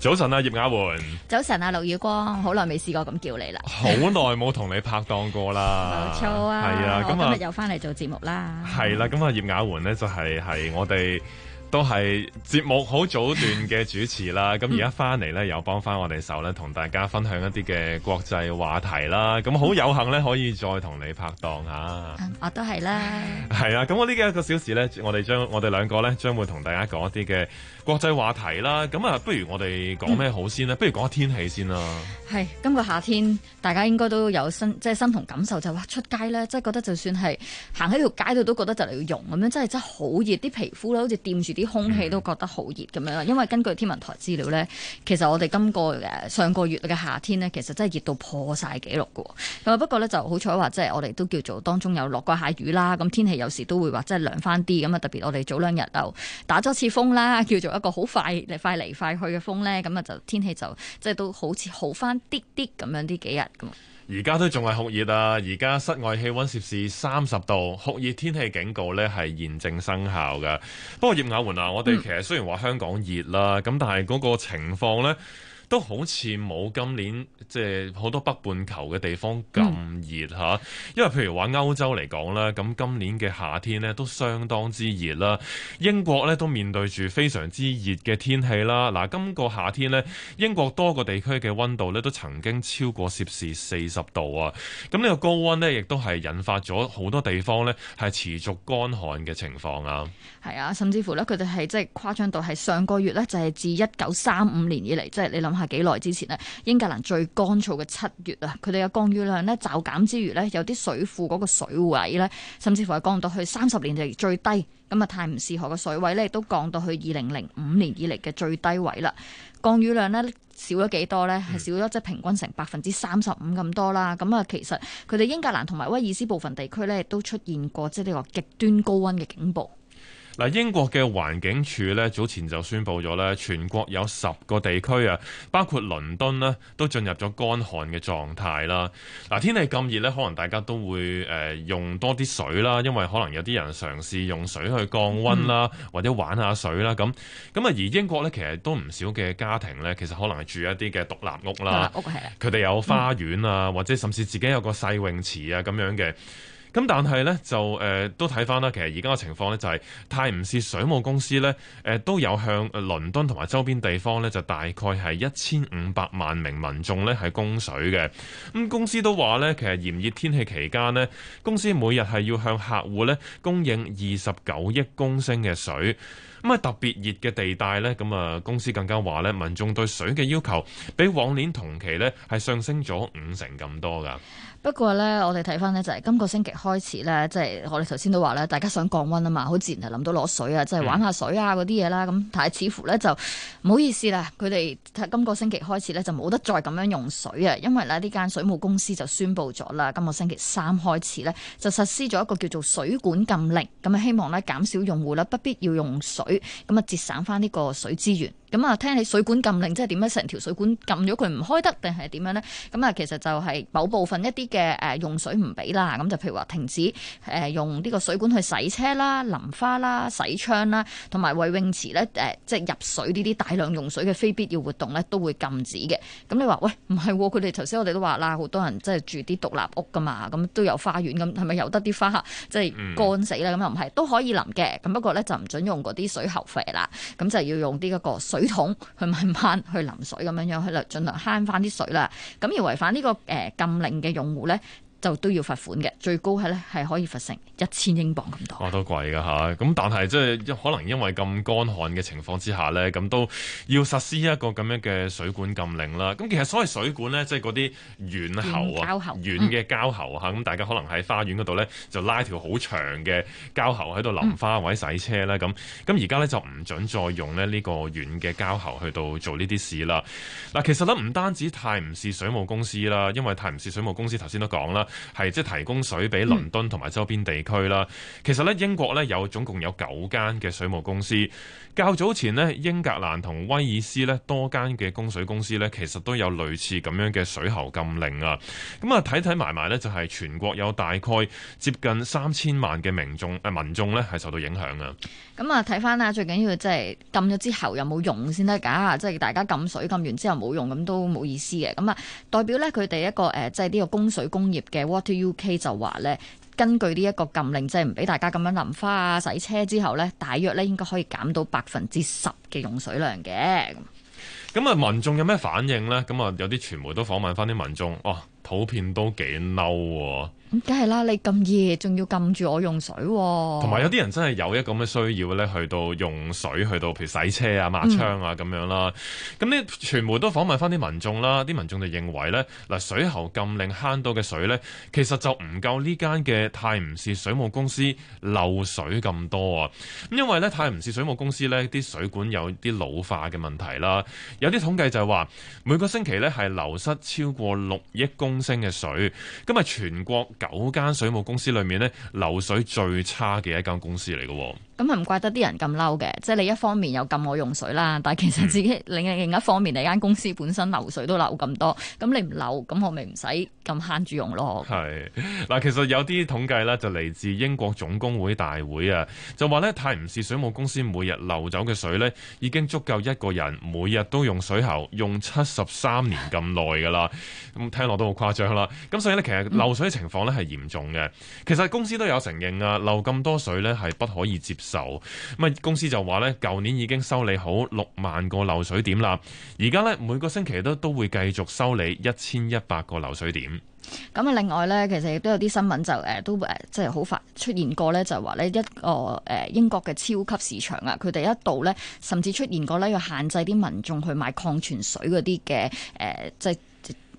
早晨啊，葉雅媛。早晨啊，陸宇光！好耐未試過咁叫你啦，好耐冇同你拍檔過啦，冇錯啊！係啊，今日又翻嚟做節目啦，係啦、嗯，咁啊葉雅媛呢、就是，就係係我哋都係節目好早段嘅主持啦，咁而家翻嚟呢，又幫翻我哋手咧，同大家分享一啲嘅國際話題啦，咁好有幸呢，可以再同你拍檔吓、嗯，我都係啦，係啊，咁我呢幾個小時呢，我哋將我哋兩個呢，將會同大家講一啲嘅。國際話題啦，咁啊，不如我哋講咩好先咧？嗯、不如講下天氣先啦。係，今個夏天大家應該都有身，即係身同感受就話、哇、出街呢，即係覺得就算係行喺條街度都覺得就嚟要融咁樣，真係真係好熱，啲皮膚咧好似掂住啲空氣、嗯、都覺得好熱咁樣。因為根據天文台資料呢，其實我哋今個誒上個月嘅夏天呢，其實真係熱到破晒紀錄嘅。咁啊不過呢，就好彩話，即係我哋都叫做當中有落過下雨啦，咁天氣有時都會話即係涼翻啲。咁啊特別我哋早兩日又打咗一次風啦，叫做一個好快嚟、快嚟、快去嘅風呢，咁啊就天氣就即係都好似好翻啲啲咁樣呢幾日咁。而家都仲係酷熱啊！而家室外氣溫攝氏三十度，酷熱天氣警告呢係現正生效噶。不過葉雅煥啊，我哋其實雖然話香港熱啦，咁、嗯、但係嗰個情況呢。都好似冇今年即係好多北半球嘅地方咁熱吓，嗯、因為譬如話歐洲嚟講啦，咁今年嘅夏天咧都相當之熱啦。英國咧都面對住非常之熱嘅天氣啦。嗱，今個夏天咧，英國多個地區嘅溫度咧都曾經超過攝氏四十度啊。咁呢個高溫咧，亦都係引發咗好多地方咧係持續乾旱嘅情況啊。係啊，甚至乎咧，佢哋係即係誇張到係上個月咧就係自一九三五年以嚟，即係你諗。係幾耐之前呢？英格蘭最乾燥嘅七月啊，佢哋嘅降雨量呢，驟減之餘呢，有啲水庫嗰個水位呢，甚至乎係降到去三十年嚟最低，咁啊泰晤士河嘅水位呢，亦都降到去二零零五年以嚟嘅最低位啦。降雨量呢，嗯、少咗幾多呢？係少咗即係平均成百分之三十五咁多啦。咁啊，其實佢哋英格蘭同埋威爾斯部分地區呢，亦都出現過即係呢個極端高溫嘅警報。嗱，英國嘅環境署咧早前就宣布咗咧，全國有十個地區啊，包括倫敦咧，都進入咗乾旱嘅狀態啦。嗱，天氣咁熱咧，可能大家都會誒、呃、用多啲水啦，因為可能有啲人嘗試用水去降溫啦，或者玩下水啦。咁咁啊，而英國咧其實都唔少嘅家庭咧，其實可能係住一啲嘅獨立屋啦，啊、屋係佢哋有花園啊，嗯、或者甚至自己有個細泳池啊咁樣嘅。咁但係咧就誒、呃、都睇翻啦，其實而家嘅情況咧就係、是、泰晤士水務公司咧誒、呃、都有向倫敦同埋周邊地方咧就大概係一千五百萬名民眾咧係供水嘅。咁公司都話咧，其實炎熱天氣期間呢，公司每日係要向客戶咧供應二十九億公升嘅水。咁喺特別熱嘅地帶咧，咁啊公司更加話咧，民眾對水嘅要求比往年同期咧係上升咗五成咁多㗎。不過咧，我哋睇翻咧就係今個星期開始咧，即係我哋頭先都話咧，大家想降溫啊嘛，好自然係諗到攞水啊，即係玩下水啊嗰啲嘢啦。咁但係似乎咧就唔好意思啦，佢哋今個星期開始咧就冇得再咁樣用水啊，因為咧呢間水務公司就宣布咗啦，今個星期三開始咧就實施咗一個叫做水管禁令，咁啊希望咧減少用戶咧不必要用水，咁啊節省翻呢個水資源。咁啊，聽你水管禁令即係點樣？成條水管禁咗佢唔開得定係點樣咧？咁啊，其實就係某部分一啲嘅誒用水唔俾啦。咁就譬如話停止誒用呢個水管去洗車啦、淋花啦、洗窗啦，同埋為泳池咧誒即係入水呢啲大量用水嘅非必要活動咧都會禁止嘅。咁你話喂，唔係佢哋頭先我哋都話啦，好多人即係住啲獨立屋噶嘛，咁都有花園，咁，係咪由得啲花即係乾死啦，咁又唔係都可以淋嘅。咁不過咧就唔准用嗰啲水喉肥啦，咁就要用啲嗰個水。水桶去慢慢去淋水咁樣樣，去啦，盡量慳翻啲水啦。咁而違反呢個誒禁令嘅用戶咧？就都要罰款嘅，最高係咧係可以罰成一千英鎊咁多。哇，都貴㗎吓。咁、啊、但係即係可能因為咁乾旱嘅情況之下咧，咁都要實施一個咁樣嘅水管禁令啦。咁、啊、其實所謂水管咧，即係嗰啲軟喉，喉，喉啊、軟嘅膠喉嚇。咁大家可能喺花園嗰度咧，就拉條好長嘅膠喉喺度淋花或者洗車啦。咁咁而家咧就唔準再用咧呢個軟嘅膠喉去到做呢啲事啦。嗱、啊，其實咧唔單止泰晤士水務公司啦，因為泰晤士水務公司頭先都講啦。係即係提供水俾倫敦同埋周邊地區啦。其實咧，英國咧有總共有九間嘅水務公司。較早前呢，英格蘭同威爾斯呢多間嘅供水公司咧，其實都有類似咁樣嘅水喉禁令啊。咁、嗯、啊，睇睇埋埋咧，就係、是、全國有大概接近三千萬嘅民眾誒、呃，民眾咧係受到影響啊。咁啊，睇翻啊，最緊要即係禁咗之後有冇用先得噶。即、啊、係、就是、大家禁水禁完之後冇用，咁都冇意思嘅。咁啊，代表咧佢哋一個誒，即係呢個供水工業嘅。Water UK 就話咧，根據呢一個禁令，即係唔俾大家咁樣淋花啊、洗車之後咧，大約咧應該可以減到百分之十嘅用水量嘅。咁咁啊，民眾有咩反應咧？咁啊，有啲傳媒都訪問翻啲民眾，哦，普遍都幾嬲喎。咁梗係啦！你咁夜仲要撳住我用水，啊，同埋有啲人真係有一咁嘅需要咧，去到用水去到，譬如洗車啊、抹窗啊咁樣啦。咁呢、嗯，傳媒都訪問翻啲民眾啦。啲民眾就認為咧，嗱，水喉禁令慳到嘅水咧，其實就唔夠呢間嘅泰晤士水務公司漏水咁多啊。咁因為咧，泰晤士水務公司咧，啲水管有啲老化嘅問題啦。有啲統計就係話，每個星期咧係流失超過六億公升嘅水。今日全國，九間水務公司裏面咧，流水最差嘅一間公司嚟嘅。咁係唔怪得啲人咁嬲嘅，即係你一方面又禁我用水啦，但係其實自己另一另一方面，你間公司本身漏水都漏咁多，咁你唔漏，咁我咪唔使咁慳住用咯。係，嗱，其實有啲統計咧，就嚟自英國總工會大會啊，就話呢泰晤士水務公司每日流走嘅水呢已經足夠一個人每日都用水喉用七十三年咁耐噶啦，咁聽落都好誇張啦。咁所以呢，其實漏水情況呢係嚴重嘅。其實公司都有承認啊，漏咁多水呢係不可以接受。就咁啊！公司就話咧，舊年已經修理好六萬個流水點啦，而家咧，每個星期都都會繼續修理一千一百個流水點。咁啊，另外咧，其實亦都有啲新聞就誒、呃，都誒即係好發出現過咧，就係話呢一個誒、呃、英國嘅超級市場啊，佢哋一度咧甚至出現過咧，要限制啲民眾去買礦泉水嗰啲嘅誒即係。呃就是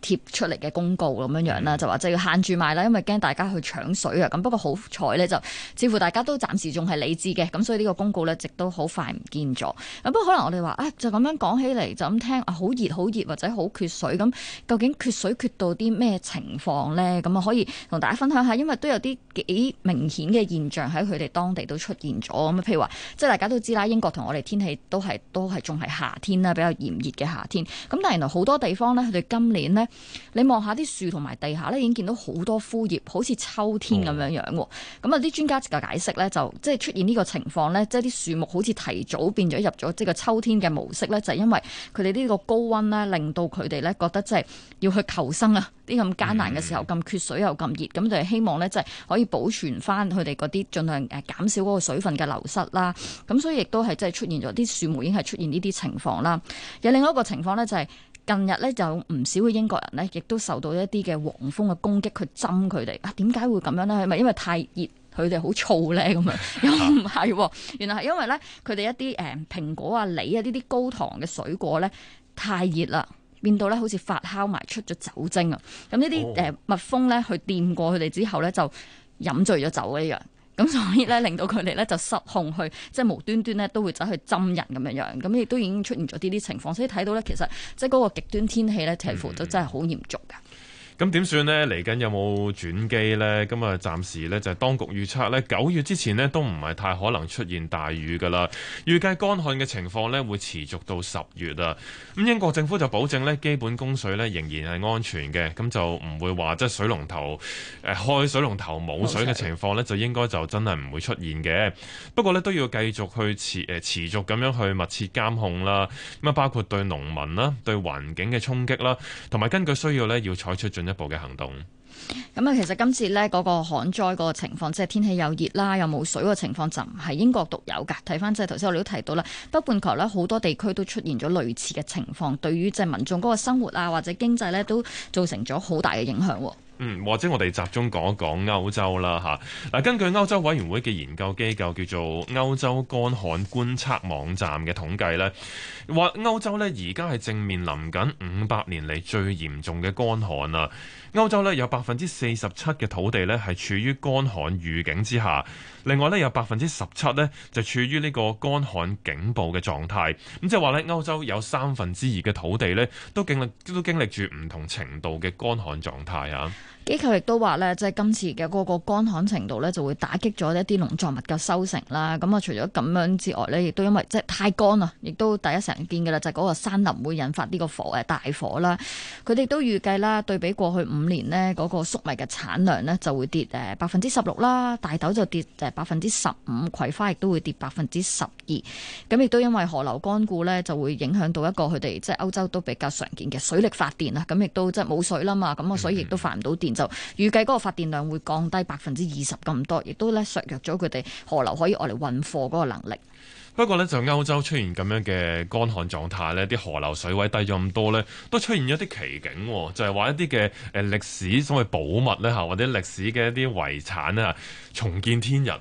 貼出嚟嘅公告咁樣樣啦，就話就要限住買啦，因為驚大家去搶水啊。咁不過好彩咧，就似乎大家都暫時仲係理智嘅，咁所以呢個公告咧，直都好快唔見咗。咁不過可能我哋話啊，就咁樣講起嚟就咁聽，啊、好熱好熱或者好缺水咁，究竟缺水缺到啲咩情況咧？咁啊可以同大家分享下，因為都有啲幾明顯嘅現象喺佢哋當地都出現咗咁啊，譬如話即係大家都知啦，英國同我哋天氣都係都係仲係夏天啦，比較炎熱嘅夏天。咁但係原來好多地方咧，佢哋今年咧。你望下啲樹同埋地下咧，已經見到好多枯葉，好似秋天咁樣樣。咁啊、哦，啲專家嘅解釋咧，就即係出現呢個情況咧，即係啲樹木好似提早變咗入咗即係個秋天嘅模式咧，就係、因為佢哋呢個高溫咧，令到佢哋咧覺得即係要去求生啊！啲咁艱難嘅時候，咁、嗯、缺水又咁熱，咁就希望咧即係可以保存翻佢哋嗰啲盡量誒減少嗰個水分嘅流失啦。咁所以亦都係即係出現咗啲樹木已經係出現呢啲情況啦。有另外一個情況咧就係、是。近日咧就唔少嘅英國人咧，亦都受到一啲嘅黃蜂嘅攻擊去，去針佢哋啊，點解會咁樣咧？係咪因為太熱，佢哋好燥咧？咁樣又唔係，原來係因為咧，佢哋一啲誒蘋果啊、梨啊呢啲高糖嘅水果咧，太熱啦，變到咧好似發酵埋出咗酒精啊！咁呢啲誒蜜蜂咧，去掂過佢哋之後咧，就飲醉咗酒一樣。咁所以咧，令到佢哋咧就失控去，去即係無端端咧都會走去針人咁樣樣，咁亦都已經出現咗呢啲情況。所以睇到咧，其實即係嗰個極端天氣咧，似乎都真係好嚴重噶。咁點算呢？嚟緊有冇轉機呢？咁啊，暫時呢，就係當局預測呢，九月之前呢，都唔係太可能出現大雨噶啦。預計乾旱嘅情況呢，會持續到十月啊。咁英國政府就保證呢，基本供水呢，仍然係安全嘅，咁就唔會話即係水龍頭誒開水龍頭冇水嘅情況呢，就應該就真係唔會出現嘅。不過呢，都要繼續去持誒持續咁樣去密切監控啦。咁啊，包括對農民啦、對環境嘅衝擊啦，同埋根據需要呢，要採取進一一步嘅行動。咁啊，其實今次咧嗰個旱災個情況，即係天氣又熱啦，又冇水個情況，就唔係英國獨有㗎。睇翻即係頭先我哋都提到啦，北半球咧好多地區都出現咗類似嘅情況，對於即係民眾嗰個生活啊或者經濟咧都造成咗好大嘅影響。嗯，或者我哋集中講一講歐洲啦嚇。嗱，根據歐洲委員會嘅研究機構叫做歐洲乾旱觀察網站嘅統計，呢話歐洲呢而家係正面臨緊五百年嚟最嚴重嘅乾旱啊！歐洲呢有百分之四十七嘅土地呢係處於乾旱預警之下，另外呢有百分之十七呢就處於呢個乾旱警報嘅狀態。咁即係話呢，歐洲有三分之二嘅土地呢都經歷都經歷住唔同程度嘅乾旱狀態嚇。機構亦都話咧，即係今次嘅嗰個乾旱程度咧，就會打擊咗一啲農作物嘅收成啦。咁啊，除咗咁樣之外咧，亦都因為即係太乾啊，亦都第一成日見嘅啦，就係嗰個山林會引發呢個火誒大火啦。佢哋都預計啦，對比過去五年呢，嗰個粟米嘅產量呢，就會跌誒百分之十六啦，大豆就跌誒百分之十五，葵花亦都會跌百分之十二。咁亦都因為河流乾固咧，就會影響到一個佢哋即係歐洲都比較常見嘅水力發電啊。咁亦都即係冇水啦嘛，咁啊、mm，所以亦都發唔到。電就預計嗰個發電量會降低百分之二十咁多，亦都咧削弱咗佢哋河流可以外嚟運貨嗰個能力。不過呢，就歐洲出現咁樣嘅乾旱狀態呢，啲河流水位低咗咁多呢，都出現咗啲奇景，就係、是、話一啲嘅誒歷史所謂寶物呢，嚇，或者歷史嘅一啲遺產咧，重見天日。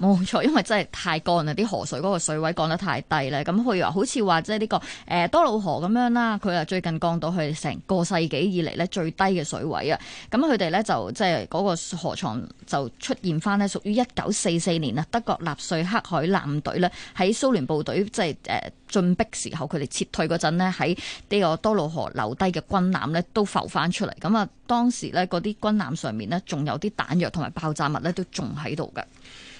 冇錯，因為真係太乾啦，啲河水嗰個水位降得太低咧。咁譬如話，好似話即係呢個誒、呃、多瑙河咁樣啦，佢啊最近降到去成個世紀以嚟呢最低嘅水位啊。咁佢哋呢，就即係嗰個河床就出現翻呢，屬於一九四四年啊德國納粹黑海艦隊呢。喺。蘇聯部隊即係誒進逼時候，佢哋撤退嗰陣呢，喺呢個多瑙河留低嘅軍艦呢，都浮翻出嚟。咁啊，當時呢，嗰啲軍艦上面呢，仲有啲彈藥同埋爆炸物呢，都仲喺度㗎。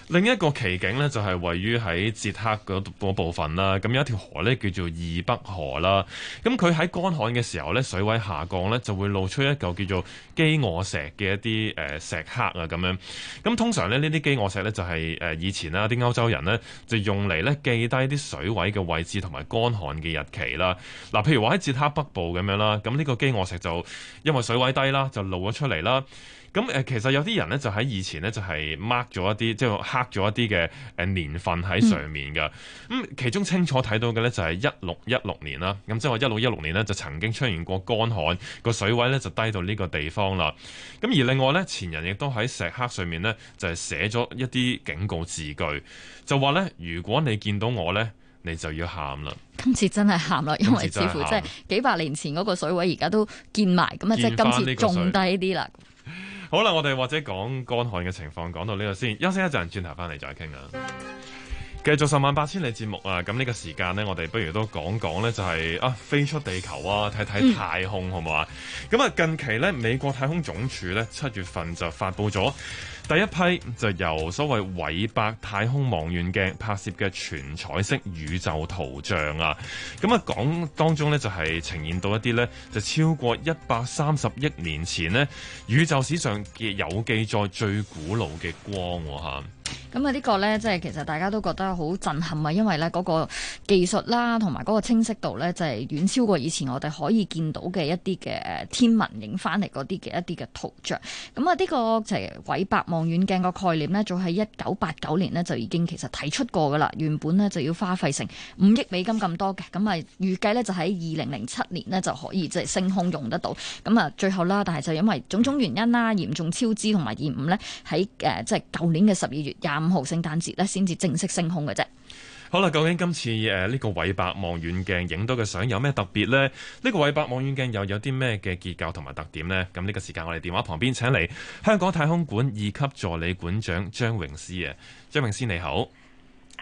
另一個奇景呢，就係位於喺捷克嗰部分啦。咁有一條河呢，叫做易北河啦。咁佢喺乾旱嘅時候呢，水位下降呢，就會露出一嚿叫做饑餓石嘅一啲誒石刻啊咁樣。咁通常咧，呢啲饑餓石呢，就係誒以前啦，啲歐洲人呢，就用嚟呢記低啲水位嘅位置同埋乾旱嘅日期啦。嗱，譬如話喺捷克北部咁樣啦，咁呢個饑餓石就因為水位低啦，就露咗出嚟啦。咁誒，其實有啲人咧就喺以前咧就係 mark 咗一啲，即係黑咗一啲嘅誒年份喺上面嘅。咁，嗯，其中清楚睇到嘅咧就係一六一六年啦。咁即係話一六一六年呢，就曾經出現過乾旱，個水位咧就低到呢個地方啦。咁而另外咧，前人亦都喺石刻上面咧就係寫咗一啲警告字句，就話咧如果你見到我咧，你就要喊啦。今次真係喊啦，因為，因為似乎即係幾百年前嗰個水位，而家都見埋，咁啊即係今次仲低啲啦。好啦，我哋或者講乾旱嘅情況，講到呢度先，休息一陣，轉頭返嚟再傾啊。 繼續十萬八千里節目啊！咁呢個時間咧，我哋不如都講講咧，就係啊飛出地球啊，睇睇太空、嗯、好唔好啊？咁啊，近期咧，美國太空總署咧七月份就發布咗第一批就由所謂韋布太空望遠鏡拍攝嘅全彩色宇宙圖像啊！咁啊，講當中咧就係、是、呈現到一啲咧就超過一百三十億年前咧宇宙史上嘅有記載最古老嘅光吓。咁啊，呢個咧即係其實大家都覺得。好震撼啊！因為咧嗰個技術啦，同埋嗰個清晰度咧，就係遠超過以前我哋可以見到嘅一啲嘅天文影翻嚟嗰啲嘅一啲嘅圖像。咁啊，呢個就係韋布望遠鏡個概念咧，早喺一九八九年咧就已經其實提出過噶啦。原本咧就要花費成五億美金咁多嘅，咁啊預計咧就喺二零零七年咧就可以即係升空用得到。咁啊最後啦，但係就因為種種原因啦，嚴重超支同埋延誤咧，喺誒即係舊年嘅十二月廿五號聖誕節咧先至正式升空。好啦，究竟今次誒呢、呃這個韋布望遠鏡影到嘅相有咩特別呢？呢、這個韋布望遠鏡又有啲咩嘅結構同埋特點呢？咁呢個時間我哋電話旁邊請嚟香港太空館二級助理館長張穎思啊，張穎思你好。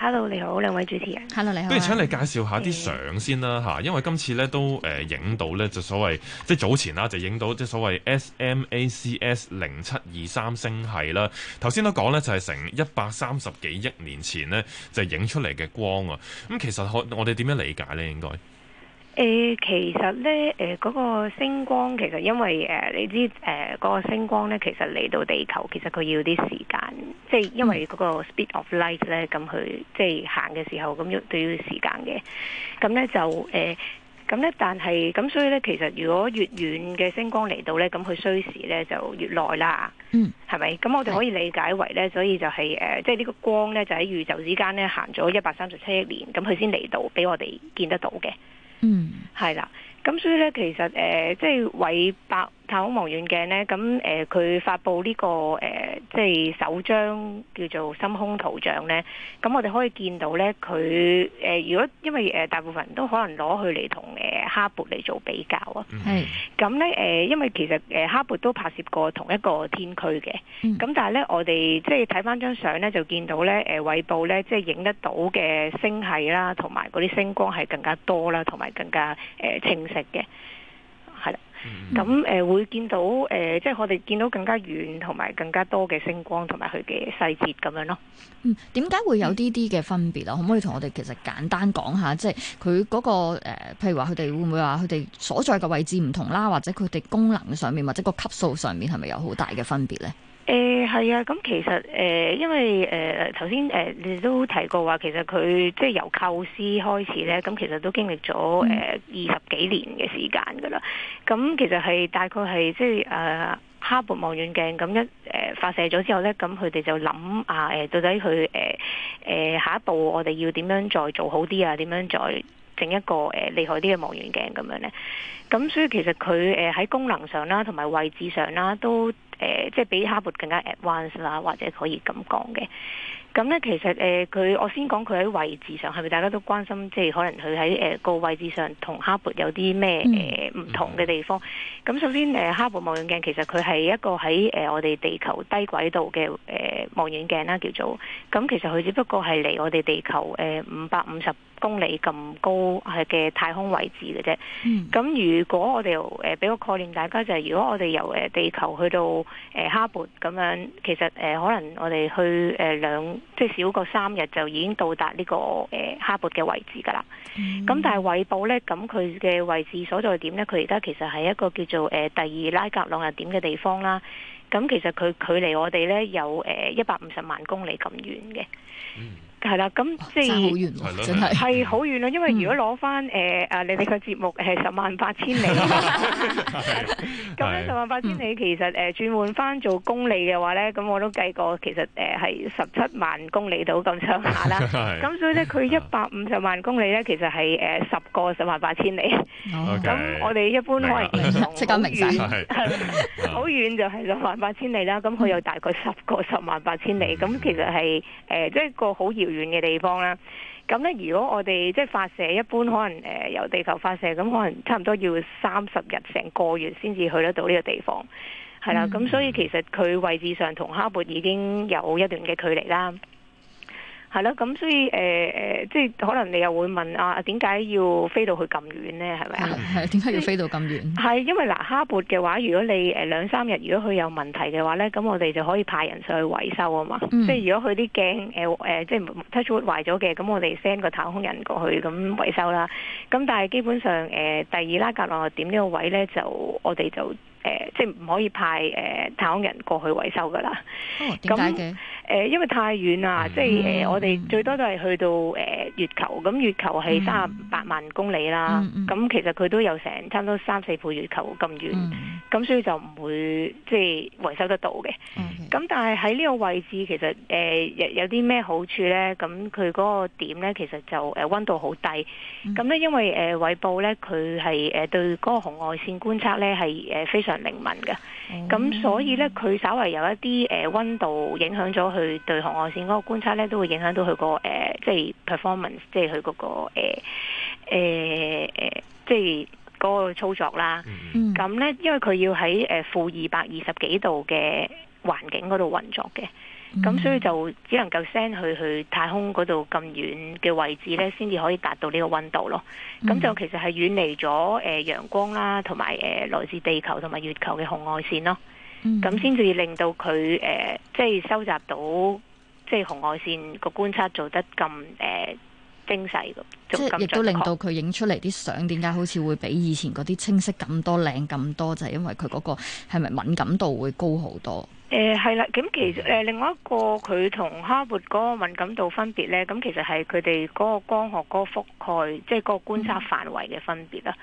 Hello，你好，兩位主持人。Hello，你好、啊。不如請你介紹下啲相先啦，嚇，因為今次咧都誒影到咧，就所謂即係早前啦，就影到即係所謂 SMACS 零七二三星系啦。頭先都講咧，就係、是、成一百三十幾億年前咧，就影出嚟嘅光啊。咁、嗯、其實我我哋點樣理解咧，應該？誒、欸，其實咧，誒、呃、嗰、那個星光，其實因為誒、呃、你知，誒、呃、嗰、那個星光咧，其實嚟到地球，其實佢要啲時間，即係因為嗰個 speed of light 咧，咁佢，即係行嘅時候，咁要都要時間嘅。咁咧就誒，咁、呃、咧但係，咁所以咧，其實如果越遠嘅星光嚟到咧，咁佢需時咧就越耐啦。嗯，係咪？咁我哋可以理解為咧，所以就係、是、誒、呃，即係呢個光咧，就喺宇宙之間咧行咗一百三十七億年，咁佢先嚟到俾我哋見得到嘅。嗯，係啦、mm.，咁所以咧，其實誒、呃，即係韋伯。太空望遠鏡呢，咁誒佢發布呢、這個誒、呃，即係首張叫做深空圖像呢，咁我哋可以見到呢，佢誒如果因為誒大部分人都可能攞佢嚟同誒哈勃嚟做比較啊。係、mm。咁咧誒，因為其實誒、呃、哈勃都拍攝過同一個天區嘅。嗯、mm。咁、hmm. 但係呢，我哋即係睇翻張相呢，就見到呢誒，韋布咧即係影得到嘅星系啦，同埋嗰啲星光係更加多啦，同埋更加誒、呃呃、清晰嘅。咁誒、嗯呃，會見到誒、呃，即係我哋見到更加遠同埋更加多嘅星光同埋佢嘅細節咁樣咯。嗯，點解會有呢啲嘅分別啊？可唔可以同我哋其實簡單講下，即係佢嗰個誒、呃，譬如話佢哋會唔會話佢哋所在嘅位置唔同啦，或者佢哋功能上面或者個級數上面係咪有好大嘅分別咧？誒係啊，咁其實誒，因為誒誒頭先誒你都提過話，其實佢即係由構思開始咧，咁其實都經歷咗誒二十幾年嘅時間㗎喇。咁其實係大概係即係誒哈勃望遠鏡咁一誒發射咗之後咧，咁佢哋就諗啊誒，到底佢誒誒下一步我哋要點樣再做好啲啊？點樣再？整一個誒、呃、厲害啲嘅望遠鏡咁樣咧，咁所以其實佢誒喺功能上啦，同埋位置上啦，都誒、呃、即係比哈勃更加 advanced 啦，或者可以咁講嘅。咁咧其實誒佢、呃，我先講佢喺位置上，係咪大家都關心？即係可能佢喺誒個位置上、嗯呃、同哈勃有啲咩誒唔同嘅地方？咁、嗯、首先誒，哈、呃、勃望遠鏡其實佢係一個喺誒、呃、我哋地球低軌道嘅誒、呃、望遠鏡啦，叫做。咁其實佢只不過係離我哋地球誒五百五十公里咁高係嘅太空位置嘅啫。咁、嗯、如果我哋誒俾個概念，大家就係、是、如果我哋由誒地球去到誒哈勃咁樣，其實誒可能我哋去誒兩即係少過三日就已經到達呢個誒哈勃嘅位置噶啦。咁、嗯、但係韋布咧，咁佢嘅位置所在點咧，佢而家其實係一個叫做誒第二拉格朗日點嘅地方啦。咁其實佢距離我哋咧有誒一百五十萬公里咁遠嘅。係啦，咁即係好遠，真係係好遠啦，因為如果攞翻誒啊你哋個節目係十萬八千里，咁咧十萬八千里其實誒轉換翻做公里嘅話咧，咁我都計過，其實誒係十七萬公里到咁上下啦。咁所以咧，佢一百五十萬公里咧，其實係誒十個十萬八千里。咁我哋一般可能講，即係講好遠就係十萬八千里啦。咁佢有大概十個十萬八千里，咁其實係誒即係個好遠嘅地方啦，咁咧如果我哋即係發射，一般可能誒、呃，由地球發射，咁可能差唔多要三十日成個月先至去得到呢個地方，係啦、嗯，咁所以其實佢位置上同哈勃已經有一段嘅距離啦。係囉，咁所以誒誒、呃，即係可能你又會問啊，點解要飛到去咁遠咧？係咪啊？係啊、嗯，點解以要飛到咁遠？係因為嗱，哈勃嘅話，如果你誒兩三日如果佢有問題嘅話咧，咁我哋就可以派人上去維修啊嘛、嗯呃呃。即係如果佢啲鏡誒誒，即係 touch wood 壞咗嘅，咁我哋 send 個太空人過去咁維修啦。咁但係基本上誒、呃，第二拉格朗日點呢個位咧，就我哋就。誒、呃，即係唔可以派誒太空人過去維修噶啦。咁誒、哦呃，因為太遠啦，嗯、即係誒、呃，我哋最多都係去到誒。呃球月球咁月球係三十八萬公里啦，咁、嗯、其實佢都有成差唔多三四倍月球咁遠，咁、嗯、所以就唔會即係維修得到嘅。咁 Okay. 但係喺呢個位置其實誒、呃、有啲咩好處咧？咁佢嗰個點咧其實就誒、呃、溫度好低，咁咧、嗯、因為誒韋布咧佢係誒對嗰個紅外線觀察咧係誒非常靈敏嘅，咁、嗯、所以咧佢稍微有一啲誒溫度影響咗佢對紅外線嗰個觀察咧，都會影響到佢、個誒即係 perform。呃就是即係佢嗰個誒誒誒，即係個操作啦。咁咧、嗯，因為佢要喺誒負二百二十幾度嘅環境嗰度運作嘅，咁、嗯、所以就只能夠 send 去去太空嗰度咁遠嘅位置咧，先至可以達到呢個溫度咯。咁、嗯、就其實係遠離咗誒陽光啦，同埋誒來自地球同埋月球嘅紅外線咯。咁先至令到佢誒、呃，即係收集到即係紅外線個觀測做得咁誒。呃精細嘅，即係亦都令到佢影出嚟啲相，點解好似會比以前嗰啲清晰咁多、靚咁多？就係、是、因為佢嗰個係咪敏感度會高好多？誒、嗯，係啦、嗯，咁其實誒另外一個佢同哈勃嗰個敏感度分別咧，咁其實，係佢哋嗰個光學嗰個覆蓋，即係個觀察範圍嘅分別啦。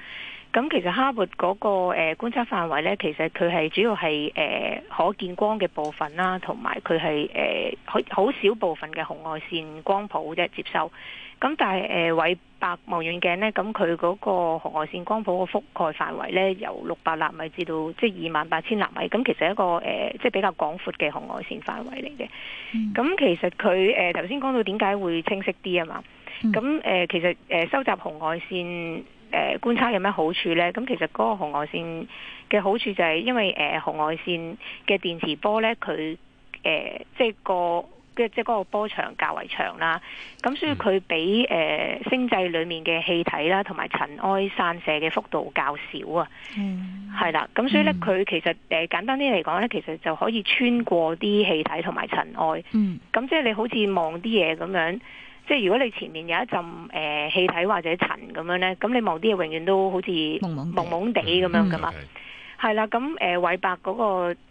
咁、嗯嗯、其實哈勃嗰、那個誒、呃、觀察範圍咧，其實佢係主要係誒、呃、可見光嘅部分啦，同埋佢係誒好好少部分嘅紅外線光譜，即係接收。咁但係誒，韋、呃、布望遠鏡呢，咁佢嗰個紅外線光譜嘅覆蓋範圍呢，由六百納米至到即係二萬八千納米，咁其實一個誒、呃，即係比較廣闊嘅紅外線範圍嚟嘅。咁、嗯、其實佢誒頭先講到點解會清晰啲啊嘛？咁、嗯、誒、嗯呃、其實誒、呃、收集紅外線誒、呃、觀察有咩好處呢？咁、嗯、其實嗰個紅外線嘅好處就係因為誒、呃、紅外線嘅電磁波呢，佢誒、呃、即係個。即係嗰個波長較為長啦，咁、嗯嗯嗯、所以佢比誒、呃、星際裡面嘅氣體啦，同埋塵埃散射嘅幅度較少啊，係、嗯、啦，咁、嗯嗯、所以咧佢其實誒、呃、簡單啲嚟講咧，其實就可以穿過啲氣體同埋塵埃，咁即係你好似望啲嘢咁樣，即係如果你前面有一陣誒、呃、氣體或者塵咁樣咧，咁你望啲嘢永遠都好似朦朦地咁樣噶嘛。嗯 okay. 係啦，咁誒，韋、呃、伯嗰、那個、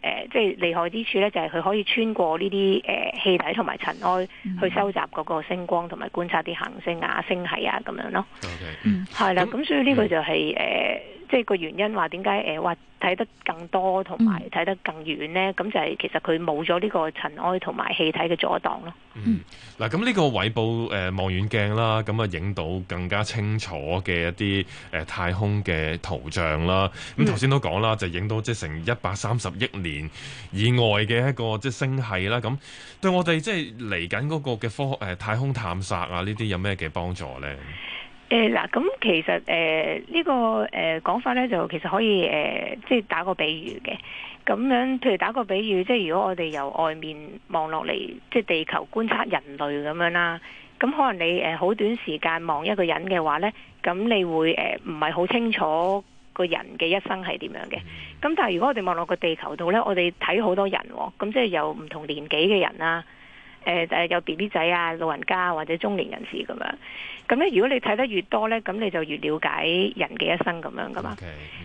呃、即係厲害之處咧，就係、是、佢可以穿過呢啲誒氣體同埋塵埃，去收集嗰個星光，同埋觀察啲行星啊、星系啊咁樣咯。OK，的嗯，係啦，咁所以呢個就係、是、誒。嗯呃即係個原因話點解誒，話睇、呃、得更多同埋睇得更遠呢？咁就係其實佢冇咗呢個塵埃同埋氣體嘅阻擋咯。嗯，嗱，咁呢個韋布誒望遠鏡啦，咁啊影到更加清楚嘅一啲誒、呃、太空嘅圖像啦。咁頭先都講啦，就影到即係成一百三十億年以外嘅一個即係星系啦。咁對我哋即係嚟緊嗰個嘅科誒、呃、太空探索啊呢啲有咩嘅幫助呢？誒，嗱、嗯，咁其實誒、呃這個、呃、呢個誒講法咧，就其實可以誒、呃、即係打個比喻嘅，咁樣譬如打個比喻，即係如果我哋由外面望落嚟，即係地球觀測人類咁樣啦，咁可能你誒好、呃、短時間望一個人嘅話咧，咁你會誒唔係好清楚個人嘅一生係點樣嘅，咁但係如果我哋望落個地球度咧，我哋睇好多人，咁即係有唔同年紀嘅人啦。誒誒、呃，有 B B 仔啊，老人家、啊、或者中年人士咁樣，咁咧如果你睇得越多咧，咁你就越了解人嘅一生咁樣噶嘛，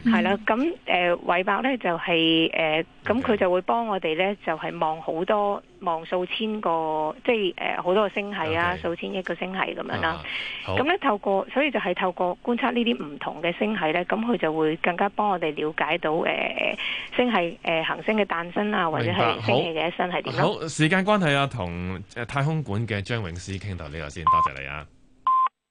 係啦，咁誒 Okay.，呃、韋伯咧就係、是、誒，咁、呃、佢 Okay. 就會幫我哋咧，就係望好多。望數千個，即係誒好多個星系啊，Okay. 數千億個星系咁啊樣啦。咁咧透過，所以就係透過觀察呢啲唔同嘅星系咧，咁佢就會更加幫我哋了解到誒呃，星系誒行，呃、星嘅誕生啊，或者係星系嘅一生係點樣。好，好，好，時間關係啊，同太空館嘅張穎思傾到呢度先，多謝你啊！